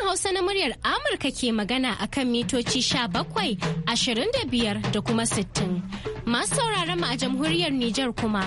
Sashen Hausa na muryar Amurka ke magana a kan mitoci sha bakwai ashirin da biyar da kuma sittin Masu sauraron mu a jamhuriyar Nijar kuma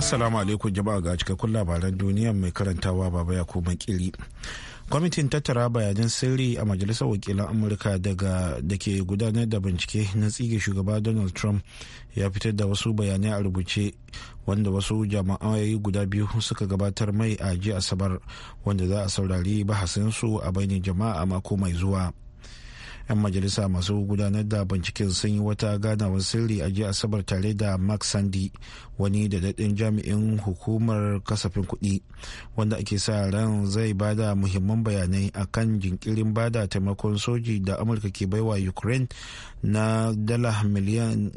Assalamu alaikum jama'a ga cikakkun labaran duniya mai karantawa baba ya kuma kiri. Kwamitin tattara bayanan sirri a Majalisar Wakilan Amurka daga da ke gudanar da bincike na tsige shugaba Donald Trump ya fitar da wasu bayanai a rubuce wanda wasu jama'ai guda biyu suka gabatar mai a jiya Asabar wanda za a saurari bahasinsu a bainin jama'a mako mai zuwa. 'yan majalisa masu gudanar da binciken sun yi wata ganawar sirri a jiya asabar tare da mark sandy wani daɗaɗɗen jami'in hukumar kasafin kuɗi wanda ake sa ran zai bada muhimman bayanai akan jinkirin bada taimakon soji da amurka ke baiwa ukraine na dala miliyan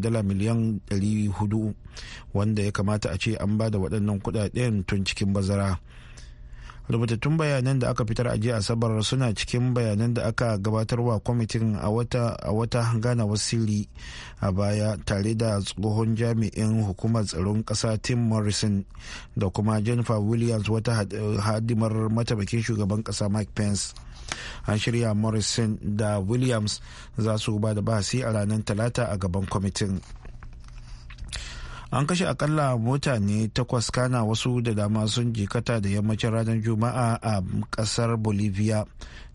dala miliyan 400 wanda ya kamata a ce an bada waɗannan kuɗaɗen tun cikin bazara rubutattun bayanan da aka fitar a jiya asabar suna cikin bayanan da aka gabatarwa kwamitin a wata gana wasiri a baya tare da tsohon jami'in hukumar tsaron kasa tim morrison da kuma jennifer williams wata hadimar matabakin shugaban kasa mike pence an shirya morrison da williams za su ba da bahasi a ranar talata a gaban kwamitin an kashe akalla mota ne takwas kana wasu da dama sun jikata da yammacin ranar juma'a a kasar bolivia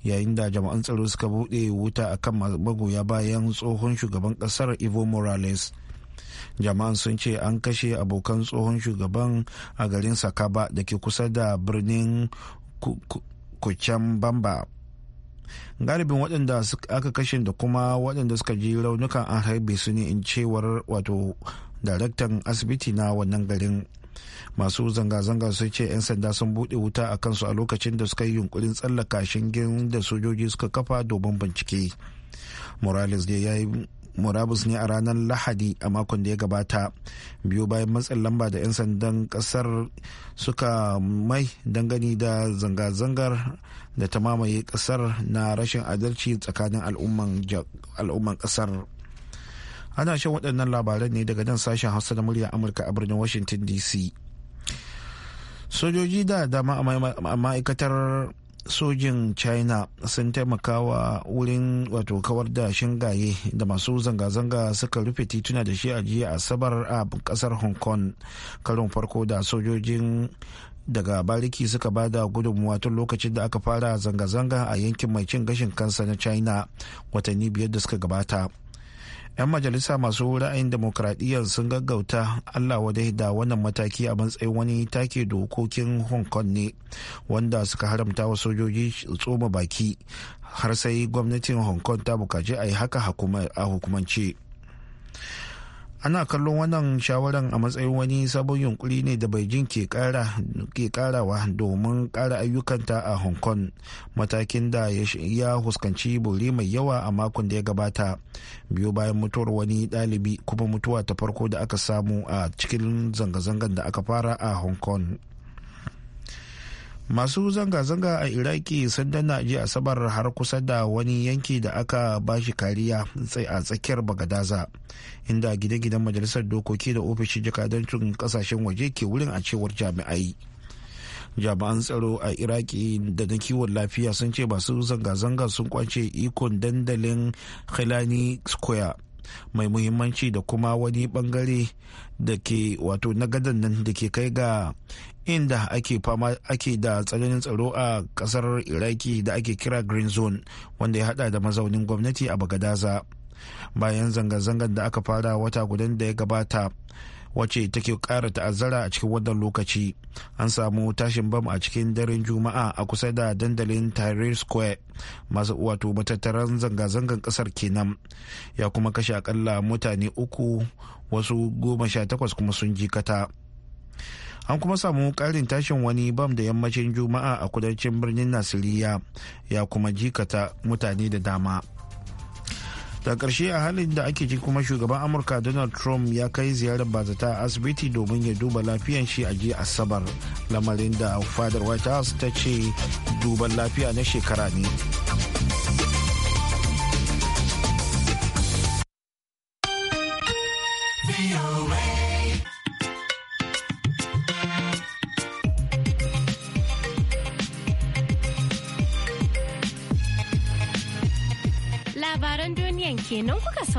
yayin da jama'an tsaro suka bude wuta akan magoya bayan tsohon shugaban kasar evo morales jama'an sun ce an kashe abokan tsohon shugaban a garin sakaba da ke kusa da birnin kucen bamba galibin waɗanda aka kashe da kuma waɗanda suka ji raunukan an harbe su ne in cewar wato daraktan asibiti na wannan garin masu zanga-zanga sun ce 'yan sanda sun buɗe wuta a kansu a lokacin da suka yi yunkurin tsallaka shingen da sojoji suka kafa domin bincike morales da ya yi murabus ne a ranar lahadi a makon da ya gabata biyu bayan matsin lamba da 'yan sandan kasar suka mai dangane da zanga-zangar da ta mamaye kasar na rashin adalci tsakanin al'umman kasar ana shan waɗannan labaran ne daga nan sashen hausa na murya amurka a birnin washington dc sojoji da dama a ma'aikatar sojin china sun taimaka wa wurin wato kawar da shingaye da masu zanga-zanga suka rufe tituna da shi a jiya asabar a kasar hong kong karin farko da sojojin daga bariki suka ba da gudunmuwa tun lokacin da aka fara zanga-zanga a yankin mai cin gashin kansa na china watanni biyar da suka gabata 'yan majalisa masu ra'ayin demokradiyyar sun gaggauta allah wadai da wannan mataki a matsayin wani take dokokin hong kong ne wanda suka haramta wa sojoji tsoma baki har sai gwamnatin hong kong ta bukaci a yi haka a hukumance ana kallon wannan shawaran a matsayin wani sabon yunkuri ne da beijing ke karawa domin kara ayyukanta a hong kong matakin da ya huskanci bore mai yawa a makon da ya gabata biyu bayan mutuwar wani ɗalibi kuma mutuwa ta farko da aka samu a cikin zanga zangan da aka fara a hong kong masu zanga-zanga a iraki sun danna ji asabar har kusa da wani yanki da aka bashi kariya sai a tsakiyar bagadaza inda gine gidan majalisar dokoki da ofishin jakadancin kasashen waje ke wurin a cewar jami'ai jami'an tsaro a iraki da na kiwon lafiya sun ce masu zanga-zanga sun kwace ikon dandalin square mai muhimmanci da kuma wani bangare da ke wato na gadan nan da ke kai ga inda ake fama ake da tsananin tsaro a kasar iraki da ake kira green zone wanda ya hada da mazaunin gwamnati a bagadaza bayan zanga-zangar da aka fara wata gudan da ya gabata wacce take ƙara ta'azzara a cikin wannan lokaci an samu tashin bam a cikin daren juma'a a kusa da dandalin tahrir square masu wato matattaran zanga-zangan kasar kenan ya kuma kashe akalla mutane uku wasu goma sha takwas kuma sun ji kata an kuma samu karin tashin wani bam da yammacin juma'a a kudancin birnin nasiriya ya kuma jikata mutane da dama da ƙarshe a halin da ake ji kuma shugaban amurka donald trump ya kai ziyarar bazata a asibiti domin ya duba lafiyan shi a jiya asabar lamarin da fadar white house ta ce duban lafiya na shekara ne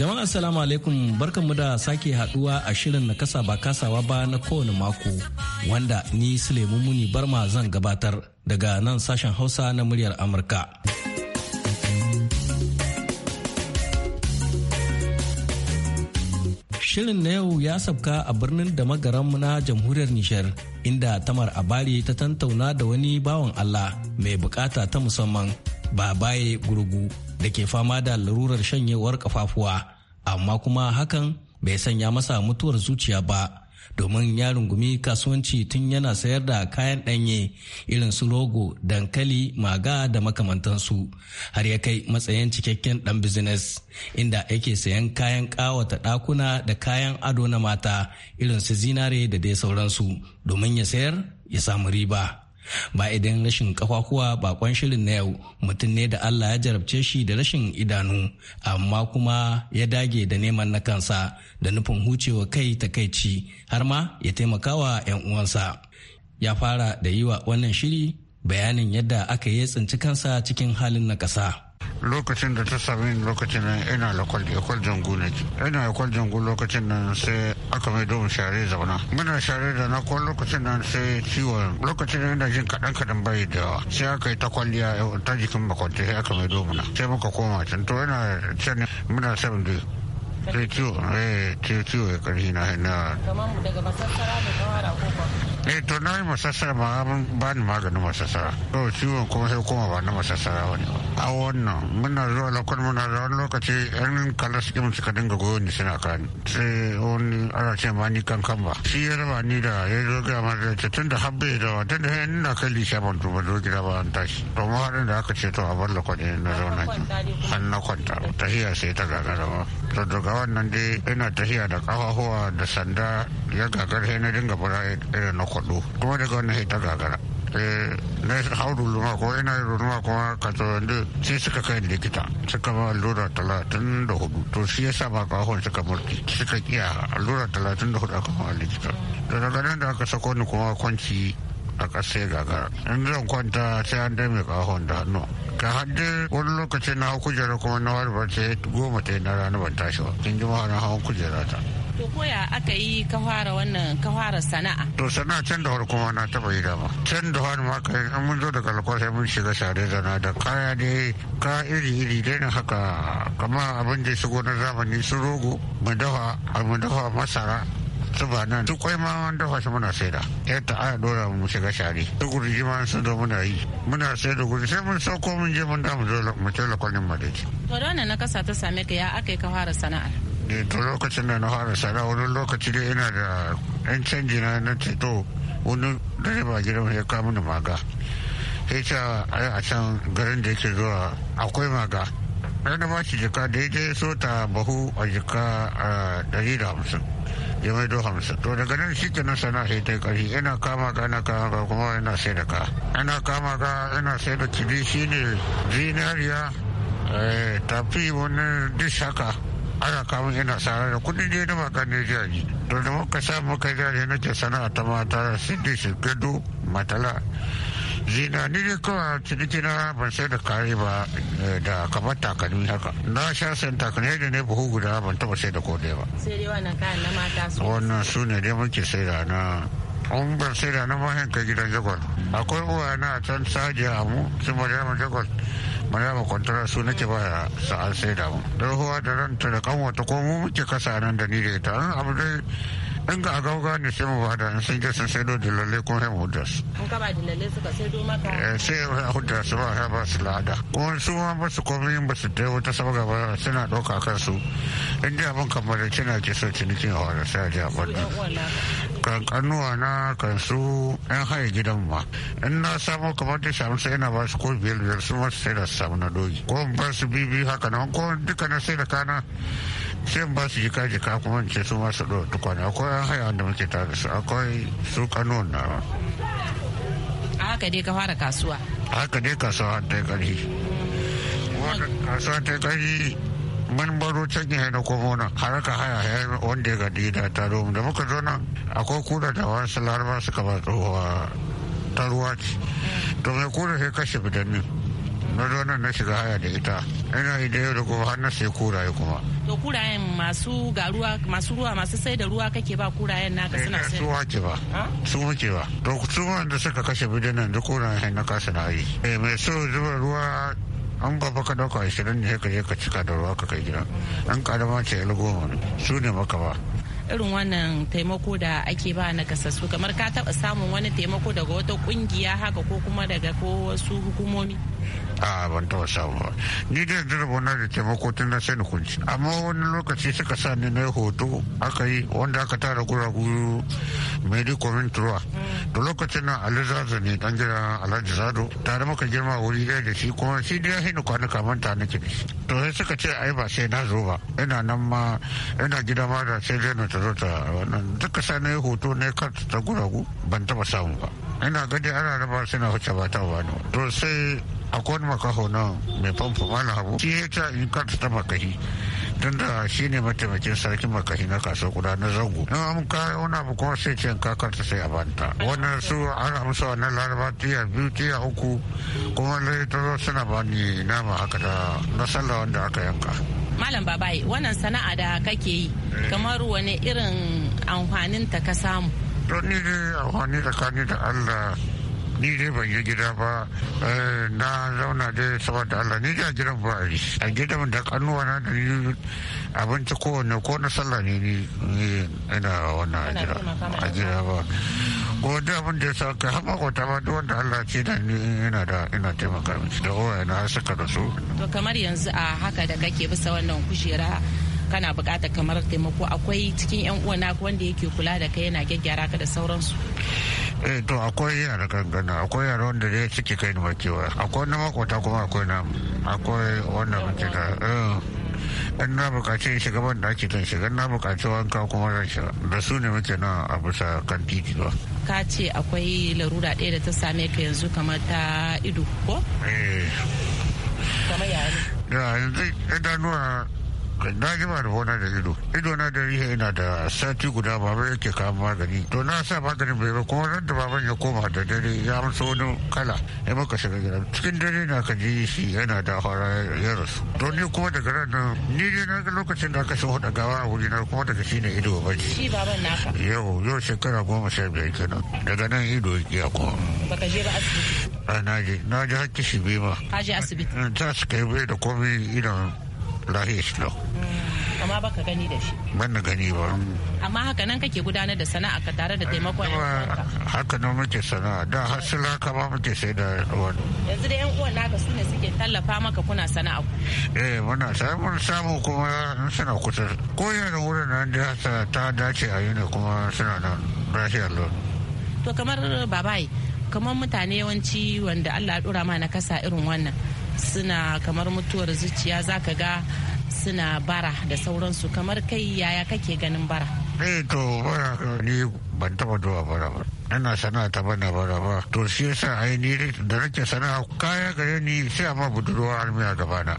Jama'a assalamu alaikum barkanmu da sake haduwa a shirin na kasa ba kasawa ba na kowane mako wanda ni Sulaimu Muni Barma zan gabatar daga nan sashen Hausa na muryar Amurka. Shirin na yau ya sabka a birnin da na jamhuriyar Nishar inda Tamar Abari ta tantauna da wani bawan Allah mai bukata ta musamman babaye gurgu da ke fama da larurar shanyewar kafafuwa amma kuma hakan bai sanya masa mutuwar zuciya ba domin ya rungumi kasuwanci tun yana sayar da kayan ɗanye irin su rogo dankali maga da makamantansu har ya kai matsayin cikakken ɗan bizines inda yake sayan kayan ƙawata ɗakuna da kayan ado na mata irin su zinare da dai sauransu domin ya sayar ya samu riba ba idan rashin kafafuwa bakon shirin na yau mutum ne da allah ya jarabce shi da rashin idanu amma kuma ya dage da neman na kansa da nufin hucewa kai takaici har ma ya taimakawa 'yan uwansa ya fara da yi wa wannan shiri bayanin yadda aka yi tsinci kansa cikin halin na ƙasa. lokacin da ta sami lokacin nan ina lakwal yakwal jangu ne ina yakwal jangu lokacin nan sai aka mai domin share zauna muna share da na ko lokacin nan sai ciwon lokacin nan ina jin kaɗan kaɗan bai da yawa sai aka yi ta kwalliya ta jikin makwanta sai aka mai domina sai muka koma can to ina can muna 70 tetu eh tetu ya ƙarfi na na kamar daga masassara ne kawai da eh to na yi masassara ma ba ni maganin masassara to ciwon kuma sai kuma ba na masassara wani a wannan muna zuwa lakon muna zuwa wani lokaci yan kalas kim suka dinga goyon ni suna kan sai wani ana ce ni kan kan ba shi ya raba ni da ya zo gida ma da tun da habbe da wa da yan na kai lisha ban tuba zo gida ba an tashi to ma haɗin da aka ce to a bar lakon ne na zauna ki an na kwanta ta sai ta wannan dai ina tafiya da kafafuwa da sanda ya gagara sai na dinga fara irin na kwado kuma daga wannan sai ta gagara eh, na hau ruluma ko ina yi ruluma kuma ka wanda sai suka kai likita suka ba allura talatin da hudu to shi yasa ba kawon suka murki suka kiya allura talatin da hudu aka ma likita daga ganin da aka sako ni kuma kwanci a ga gagara in zan kwanta sai an dai mai kahon da hannu ka haddi wani lokaci na hau kujera kuma na warbar ta goma ta na rana ban tashi ba kin ji ma na hau kujera ta To koya aka yi ka fara wannan ka fara sana'a? To sana'a can da kuma na taba yi dama. Can da wani ma kai an mun zo daga lakwa mun shiga sare zana da kaya ne ka iri iri dai na haka Kamar abin da shigo na zamani su rogo mu dafa mu dafa masara su ba nan duk kwai ma an dafa shi muna saida yadda aya dora mu shiga shari duk ji ma su da muna yi muna saida gurji sai mun sauko mun je mun damu dole mu tela kwalin madaji. to da wannan na kasa ta same ka ya aka yi ka fara sana'ar. to lokacin da na fara sana'a wani lokaci dai ina da yan canji na na ceto wani direba gidan ya kawo mini maga sai ta a can garin da yake zuwa akwai maga na ba shi jika da ya so ta bahu a jika ɗari da hamsin ya mai do hamsin to daga nan shi kenan sana sai ta ƙarfi ina kama ka ina kama ka kuma ina sai da ka ina kama ka ina sai da kibi shine zinariya tafi wani dishaka ana kamun ina sara da kudi ne na maka ne jari to da muka sa muka jari nake sana'a ta mata sindi shi gado matala zina ni ne kawai ciniki na ban sai da kare ba eh, da kamar takalmi haka na sha san takalmi da ne buhu guda ban taba sai da kodai ba sai dai wannan kayan na mata su wannan su ne dai muke sai da na an ban sai da na mahin ka gidan jagwal akwai uwa na can a mu su madama jagwal madama kwantara su nake ba sa'an sai da mu don huwa da ranta da kanwata ko mu muke kasa nan da ni da ita abu dai ga agauga ne sai mu bada in sun je sun saido dilalle kuma sai mu huda su. in ka ba suka saido maka. Eh, sai a huda su ba ba su lada kuma su ma ba su komai ba su dai wata sabga ba suna ɗauka kansu in ji abin kamar kina ke so cinikin a da sai a ji a kan kanuwa na kan su ɗan haye gidan ma in na samu kamar ta samu sai na ba su ko biyar biyar su masu sai da samu na dogi ko ba su bibi haka nan ko duka na sai da kana sai ba su kaji ka kuma ce su masu ɗora tukwane akwai an haya wanda muke tare su akwai su kano na a haka dai ka fara kasuwa A haka dai kasuwa ta yi ƙarfi kasuwa ta yi ƙarfi mun baro can ya na komo nan har ka haya haya wanda ya gadi da ta da muka zo nan akwai kura da wasu laraba suka ba tsohuwa ta ruwa ce to mai kura sai kashe bidannin na nan na shiga haya da ita ina idan yau da gobe har na sai kuraye kuma to kurayen masu ga ruwa masu ruwa masu sai da ruwa kake ba kurayen naka suna eh, sai su wace ba su wace ba to su wanda suka kashe bidinan duk kurayen na kasa na yi eh mai so zuba ruwa an ba baka dauka ashirin ne ka je ka cika da ruwa ka kai gida an karama ce yar goma su ne maka ba irin wannan taimako da ake ba na kasassu kamar ka taba samun wani taimako daga wata kungiya haka ko kuma daga ko wasu hukumomi a ban taba samu ba ni da jarraba na da taimako tun na sani kunci amma wani lokaci suka sa ni na hoto aka yi wanda aka tara guragu medi komintuwa da lokacin na alizazu ne dan gidan alhaji zado tare maka girma wuri ɗaya da shi kuma shi da ya hini kwanuka manta nake to sai suka ce ai ba sai na zo ba ina nan ma ina gida ma da sai zai ta a ta wannan duka sani hoto ne kar ta guragu ban taba samu ba ina gadi ana raba suna wuce ba ta wani to sai akwai makaho nan mai famfo mana hagu shi ya ta in kar ta makahi tunda shi ne mataimakin sarkin makashi na kaso kuda na zango na an ka wani abu kuma sai cin kakar ta sai a banta wannan su an amsa wannan laraba tiya biyu tiya uku kuma zo suna bani nama haka da na sallah wanda aka yanka malam babayi wannan sana'a da kake yi kamar wani irin amfanin ta ka samu to ni dai amfani tsakani da allah ni dai ban yi gida ba eh, na zauna dai saboda Allah ni da gidan ba a mun da kanuwa na da ni abinci kowane ko na sallah ne ni ina wannan a gida ba ko da abin da ya sa ka ba duk Allah ce da ni ina da ina taimaka miki da na saka da su. To kamar yanzu a haka da kake bisa wannan kujera kana buƙatar kamar taimako akwai cikin 'yan uwa na wanda yake kula da kai yana gyaggyara ka da sauransu. eh to akwai yara kankana akwai yara wanda dai suke kai ni makewa akwai wani makwata kuma akwai na akwai wanda muke da eh, in na bukaci shiga ban daki zan shiga na bukaci wanka kuma zan shiga da su ne muke na a bisa kan titi ba ka ce akwai larura ɗaya da ta same ka yanzu kamar ta ido ko eh kamar yaya ne da yanzu idanuwa na ji da bona da ido ido na da rihe ina da sati guda baba yake kama magani to na sa maganin bai ba kuma ran da baban ya koma da dare ya musu wani kala ya maka shiga gida cikin dare na ka ji shi yana da fara ya rasu to ni kuma daga ran nan ni dai na ga lokacin da aka shi hudu gawa a wuri na kuma daga shi ne ido ba shi baban naka yau yau shekara goma sha biyar kenan daga nan ido ya kuma baka je ba asibiti na je na je hakki shi bai ma ka je asibiti eh, ta su yi bai da komai idan ya lo mm, amma ka gani da shi ban da gani ba amma haka nan kake gudanar da sana'a ka tare da taimakon yan haka nan muke sana'a da hasila haka ba muke sai da wani yanzu da yan uwan naka su ne suke tallafa maka kuna sana'a eh muna samun samu kuma suna kusa ko yana wurin nan da ta dace a yi ne kuma suna nan lafiya lo to kamar babai kamar mutane yawanci wanda Allah ya dora ma na kasa irin wannan suna kamar mutuwar zuciya zaka ga suna bara da sauransu kamar kai yaya kake ganin bara eh to bara ni ban taba zuwa bara ba ina sana'a ta bana bara ba to shi yasa ainihi da nake sana'a kaya gare ni sai ma budurwa almiya gabana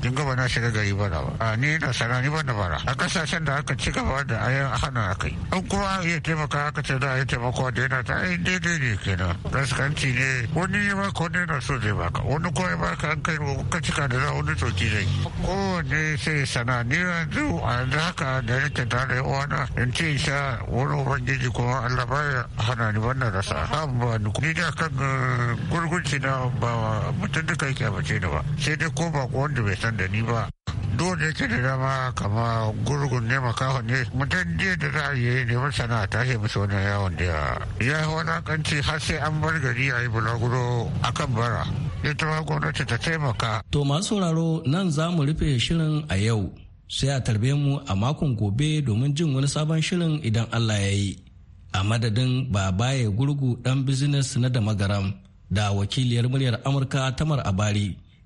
kin ga na shiga gari bara ba a ni na sana ni ban da bara a kasashen da aka ci gaba da ayan hana kai an kuma iya taimaka aka ce da a yi taimako da yana ta ai daidai ne kenan gaskanci ne wani ba ko ne na so zai baka wani kuma ya baka an kai ka cika da za wani toki zai kowanne sai sana ni yanzu a yanzu haka da nake tare da uwana in ce sha wani ubangiji kuma Allah ya hana ni wannan rasa ba ni da kan uh, gurgunci na ba mutum duka yake abace ni ba sai dai ko ba wanda bai san cutar da ni ba dole yake da dama kama gurgun ne makaho ne mutum jiya da za a yi neman sana'a ta shi musu wani yawon da ya yi wadakanci har sai an bar gari a yi bulaguro a kan bara ya ma gwamnati ta taimaka. to masu sauraro nan za mu rufe shirin a yau sai a tarbe mu a makon gobe domin jin wani sabon shirin idan allah ya yi a madadin ba babaye gurgu dan bizines na da magaram, da wakiliyar muryar amurka tamar abari.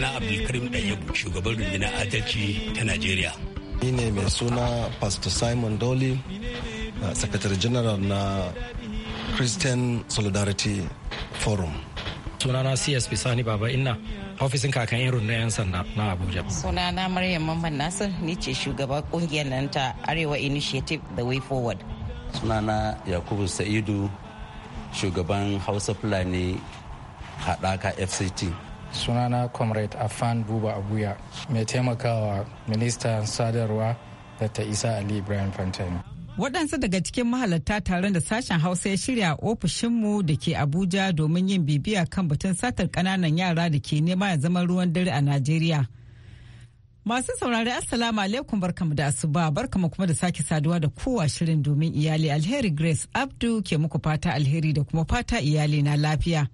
sunana abdulkarim ɗanyabu shugaban rundunar adalci ta najeriya ni ne mai suna pastor simon dolly uh, secretary general na christian solidarity forum sunana csp sani baba inna ofisin kakan irin na 'yan sanda na abuja sunana maryam mamman nasir ni ce shugaba kungiyar nan ta arewa initiative the way forward sunana yakubu sa'idu shugaban hausa fulani haɗaka fct sunana comrade afan buba abuya mai taimakawa minista sadarwa dr isa ali ibrahim fantani waɗansu daga cikin mahalarta taron da sashen hausa ya shirya ofishinmu da ke abuja domin yin bibiya kan batun satar ƙananan yara da ke nema ya zama ruwan dare a najeriya masu saurari assalamu alaikum barkamu da asuba barkamu kuma da sake saduwa da kowa shirin domin iyali alheri grace abdu ke muku fata alheri da kuma fata iyali na lafiya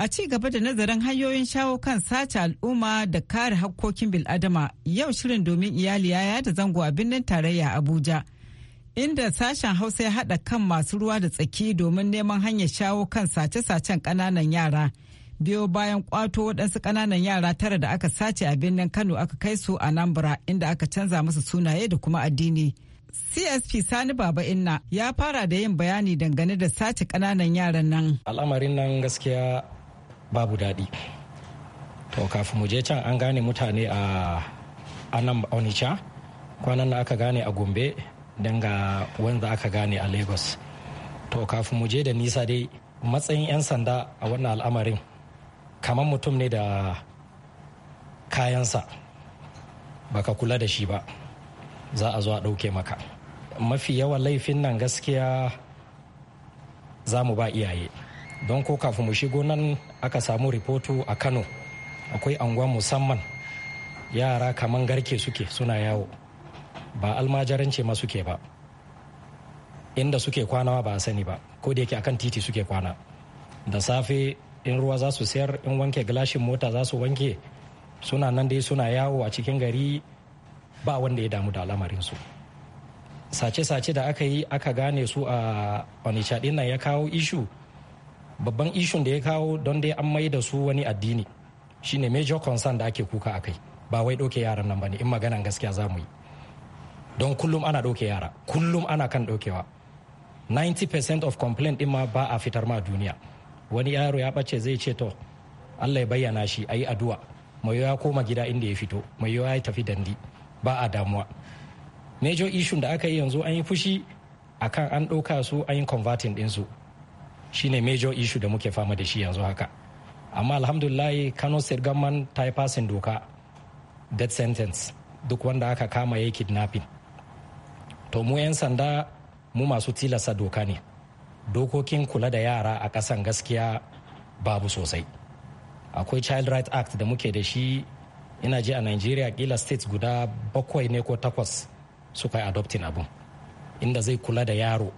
A ci gaba da nazarin hanyoyin shawo kan sace al'umma da kare hakkokin bil'adama yau shirin domin iyali ya yada zango a birnin tarayya Abuja. Inda sashen Hausa ya haɗa kan masu ruwa da tsaki domin neman hanyar shawo kan sace-sacen ƙananan yara. Biyo bayan kwato waɗansu ƙananan yara tara da aka sace a birnin Kano aka kai su a Nambra inda aka canza musu sunaye da kuma addini. CSP Sani Baba Inna ya fara da yin bayani dangane da sace ƙananan yaran nan. Al'amarin nan gaskiya babu daɗi to kafin mu je can an gane mutane a anan onitsha kwanan na aka gane a gombe don ga wanda aka gane a lagos to kafin mu je da nisa dai matsayin 'yan sanda a wannan al'amarin kamar mutum ne da kayansa baka kula da shi ba za a zo a ɗauke maka mafi yawan laifin nan gaskiya za mu ba iyaye don ko kafin mu shigo nan aka samu ripoto a kano akwai anguwa musamman yara kaman garke suke suna yawo ba almajarance ma suke ba inda suke kwana ba a sani ba ko da yake akan titi suke kwana da safe in ruwa za su sayar in wanke gilashin mota za su wanke suna nan dai suna yawo a cikin gari ba wanda ya damu da al'amarinsu sace-sace da aka yi aka gane su a onitsha nan ya kawo ishu babban ishun da ya kawo don dai an mai da su wani addini shine major concern da ake kuka a kai ba wai ɗauke yaran nan ba ne in maganan gaskiya za mu yi don kullum ana ɗauke yara kullum ana kan ɗaukewa 90% of complaint ɗin ma ba a fitar ma duniya wani yaro ya ɓace zai ce to allah ya bayyana shi a yi addu'a mai ya koma gida inda ya fito mai ya tafi dandi ba a damuwa major issue da aka yi yanzu an yi fushi akan an ɗauka su an yi converting su. shine major issue da muke fama da shi yanzu haka amma alhamdulillah kano state government ta yi fasin doka death sentence duk wanda aka kama ya yi kidnapping to mu 'yan sanda mu masu tilasta doka ne dokokin kula da yara a ƙasan gaskiya babu sosai akwai child right act da muke da shi ina ji a nigeria kila states guda bakwai ne ko takwas suka yi adoptin abun inda zai kula da yaro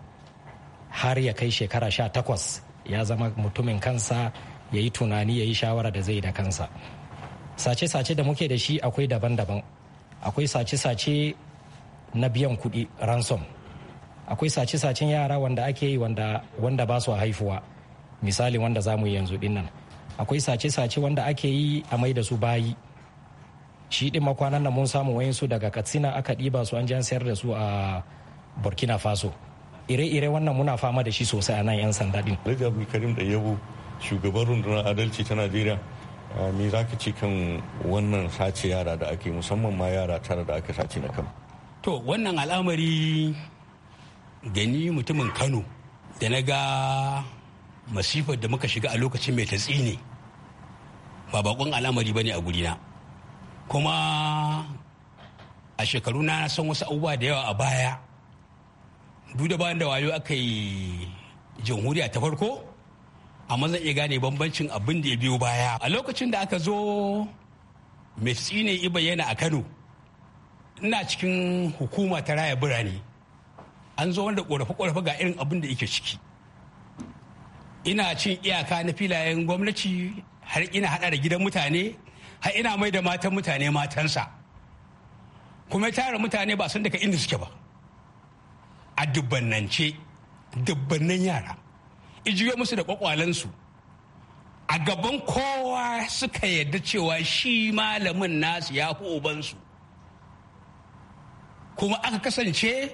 har ya kai shekara sha takwas ya zama mutumin kansa ya yi tunani ya yi shawara da zai da kansa sace-sace da muke da shi akwai daban-daban akwai sace-sace na biyan kuɗi ransom akwai sace-sacen yara wanda ake yi wanda, ba su haifuwa misali wanda za mu yanzu dinnan akwai sace-sace wanda ake yi a mai da su bayi shi din makwanan da mun samu wayansu daga katsina aka ɗiba su an jan sayar da su a burkina faso ire-ire wannan muna fama da shi sosai a nan 'yan sanda din. abu karim da yabo shugaban rundunar adalci ta Najeriya me za ka ce kan wannan sace yara da ake musamman ma yara tara da aka sace na kan. To wannan al'amari gani mutumin Kano da na ga masifar da muka shiga a lokacin mai tatsi ne ba bakon al'amari bane ne a gurina kuma a shekaru na san wasu abubuwa da yawa a baya duk da bayan da wayo aka yi jamhuriya ta farko amma zan iya gane bambancin abin da ya biyo baya a lokacin da aka zo mai tsine iba yana a kano ina cikin hukuma ta raya birane an zo wanda ƙorafe ƙorafe ga irin abin da yake ciki ina cin iyaka na filayen gwamnati har ina hada da gidan mutane har ina mai da matan mutane matansa kuma tara mutane ba san daga inda suke ba a dubbannance dubbannan yara ijiyo musu da kwakwalensu a gaban kowa suka yarda cewa shi malamin nasu ya fi ubansu kuma aka kasance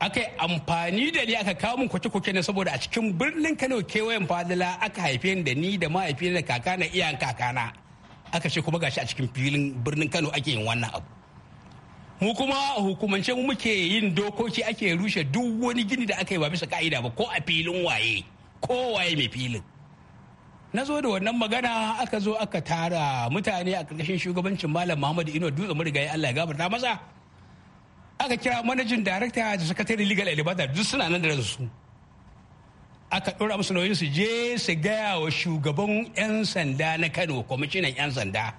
aka yi amfani da ni aka kawo min kwace-kwace na saboda a cikin birnin kano kewayen fadila aka haife ni da ni da mahaifina da kakana iyan kakana aka ce kuma gashi a cikin filin birnin kano ake yin wannan abu mu kuma hukumance mu muke yin dokoki ake rushe duk wani gini da aka yi ba bisa ka'ida ba ko a filin waye ko waye mai filin na zo da wannan magana aka zo aka tara mutane a ƙarƙashin shugabancin malam muhammadu ino dutse marigayi allah ya gafarta masa aka kira manajin darakta da sakatare legal elibata duk suna nan da su aka ɗora musu nauyin su je su gaya wa shugaban 'yan sanda na kano kwamishinan 'yan sanda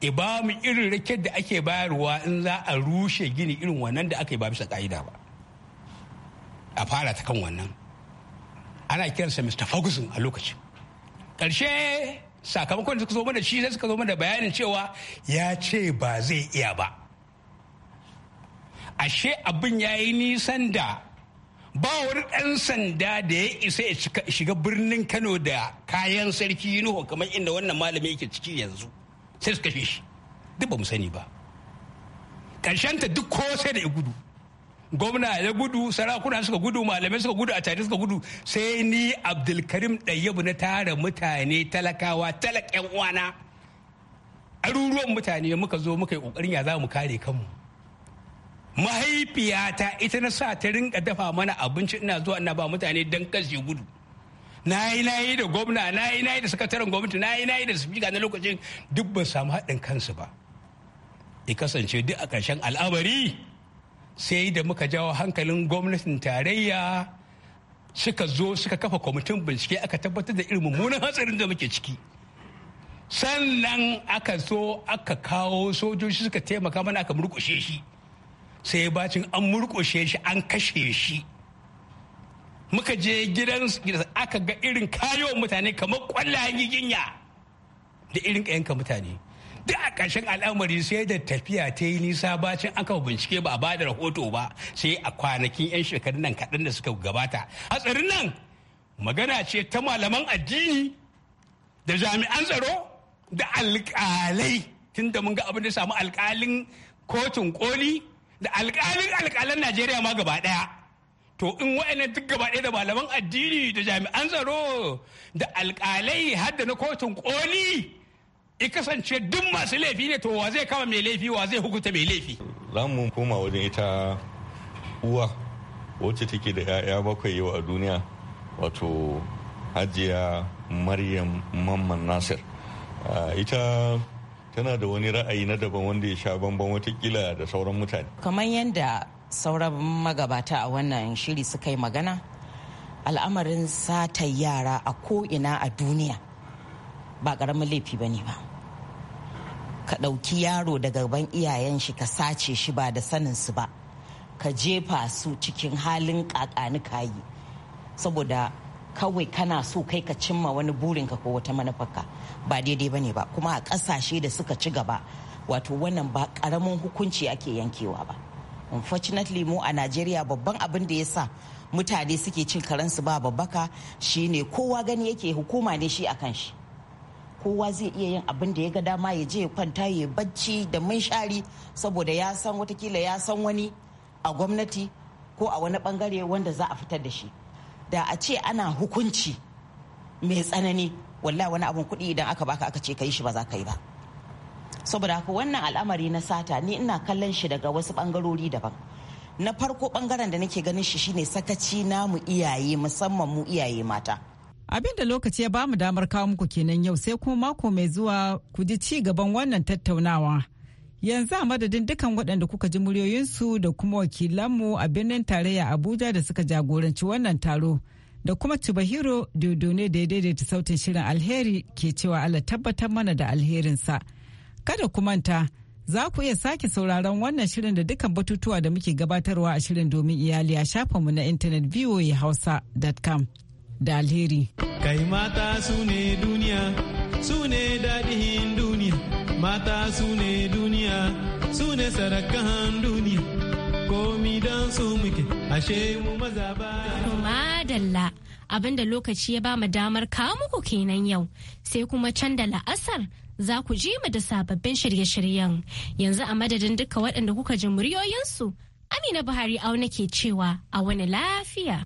e ba mu irin rake da ake bayarwa in za a rushe gini irin wannan da aka yi ba bisa ka'ida ba a fara ta kan wannan ana kiransa mr ferguson a lokaci. ƙarshe sakamakon suka zo mana shi sai suka zo mana bayanin cewa ya ce ba zai iya ba ashe abin ya yi nisan da ba wani ɗan sanda da ya isa ya shiga birnin kano da kayan sarki nuhu kamar inda wannan malami yake ciki yanzu sai su kashe shi duk ba mu sani ba ta duk ko sai da ya gudu gwamna ya gudu sarakuna suka gudu malamai suka gudu a tare suka gudu sai ni abdulkarim ɗayyabu na tara mutane talakawa talak yan uwana ɗaruruwan mutane muka zo muka yi ƙoƙarin ya za mu kare kanmu mahaifiyata ita na sa ta rinka dafa mana abinci ina zuwa ina ba mutane don kashe gudu na yi na yi da gwamna na yi na yi da sakataren gwamnati na yi na yi da su na lokacin duk ban samu haɗin kansu ba ya kasance duk a ƙarshen al'amari sai da muka jawo hankalin gwamnatin tarayya suka zo suka kafa kwamitin bincike aka tabbatar da irin mummunan hatsarin da muke ciki sannan aka so aka kawo sojoji suka taimaka mana aka murƙushe shi sai bacin an murƙushe shi an kashe shi muka je gidan aka ga irin kayo mutane kamar kwallayen giginya da irin kayanka mutane duk a ƙarshen al'amari sai da tafiya ta yi nisa bacin aka bincike ba a ba da rahoto ba sai a kwanakin 'yan shekarun nan kaɗan da suka gabata hatsarin nan magana ce ta malaman addini da jami'an tsaro da alƙalai tun da mun ga abin da samu alƙalin kotun koli da alƙalin alƙalan najeriya ma gaba ɗaya to in wa'annan duk gaba ɗaya da malaman addini da jami'an tsaro da alƙalai har da na kotun koli i kasance duk masu laifi ne to wa zai kama mai laifi wa zai hukunta mai laifi za mu koma wajen ita uwa wacce take da 'ya'ya bakwai yau a duniya wato hajiya maryam mamman nasir ita tana da wani ra'ayi na daban wanda ya sha bamban watakila da sauran mutane kamar yadda sauran magabata a wannan shiri suka yi magana al'amarin satar yara a ko'ina a duniya ba ƙaramin laifi ba ne ba ka ɗauki yaro daga gaban iyayen shi ka sace shi ba da saninsu ba ka jefa su cikin halin ƙaƙani kayi saboda kawai kana so kai ka cimma wani burinka ko wata manufarka ba daidai ba ne ba kuma a ƙasashe da suka ci gaba wato wannan ba ƙaramin hukunci ake yankewa ba unfortunately mu a najeriya babban abin da ya sa mutane suke cin karansu ba babbaka shine kowa gani yake hukuma ne shi akan shi kowa zai iya yin abin da ya ga dama ya je kwanta ya bacci da munshari saboda ya san watakila ya san wani a gwamnati ko a wani bangare wanda za a fitar da shi da a ce ana hukunci mai tsanani wallahi wani abin kuɗi idan aka baka aka ce ka yi shi ba za ka yi ba saboda haka wannan al'amari na sata ni ina kallon shi daga wasu bangarori daban na farko bangaren da nake ganin shi shine sakaci na mu iyaye musamman mu iyaye mata abin da lokaci ya bamu damar kawo muku kenan yau sai kuma mako mai zuwa ku ji ci gaban wannan tattaunawa yanzu a madadin dukan waɗanda kuka ji muryoyinsu da kuma wakilanmu a birnin tarayya abuja da suka jagoranci wannan taro da kuma cibahiro dodone da ya daidaita sautin shirin alheri ke cewa allah tabbatar mana da alherinsa. Kada ku manta, za ku iya sake sauraron wannan shirin da dukkan batutuwa da muke gabatarwa a shirin domin iyali a shafinmu na intanet voahausa.com da alheri. Kai mata su ne duniya, su ne daɗin duniya, mata su ne duniya, su ne sarakan duniya, komi don su muke, ashe mu maza ba. abinda lokaci ya ba mu damar kawo muku kenan yau, sai kuma can da la'asar za ku ji mu da sababbin shirye-shiryen yanzu a madadin duka waɗanda kuka ji muryoyinsu amina buhari au nake cewa a wani lafiya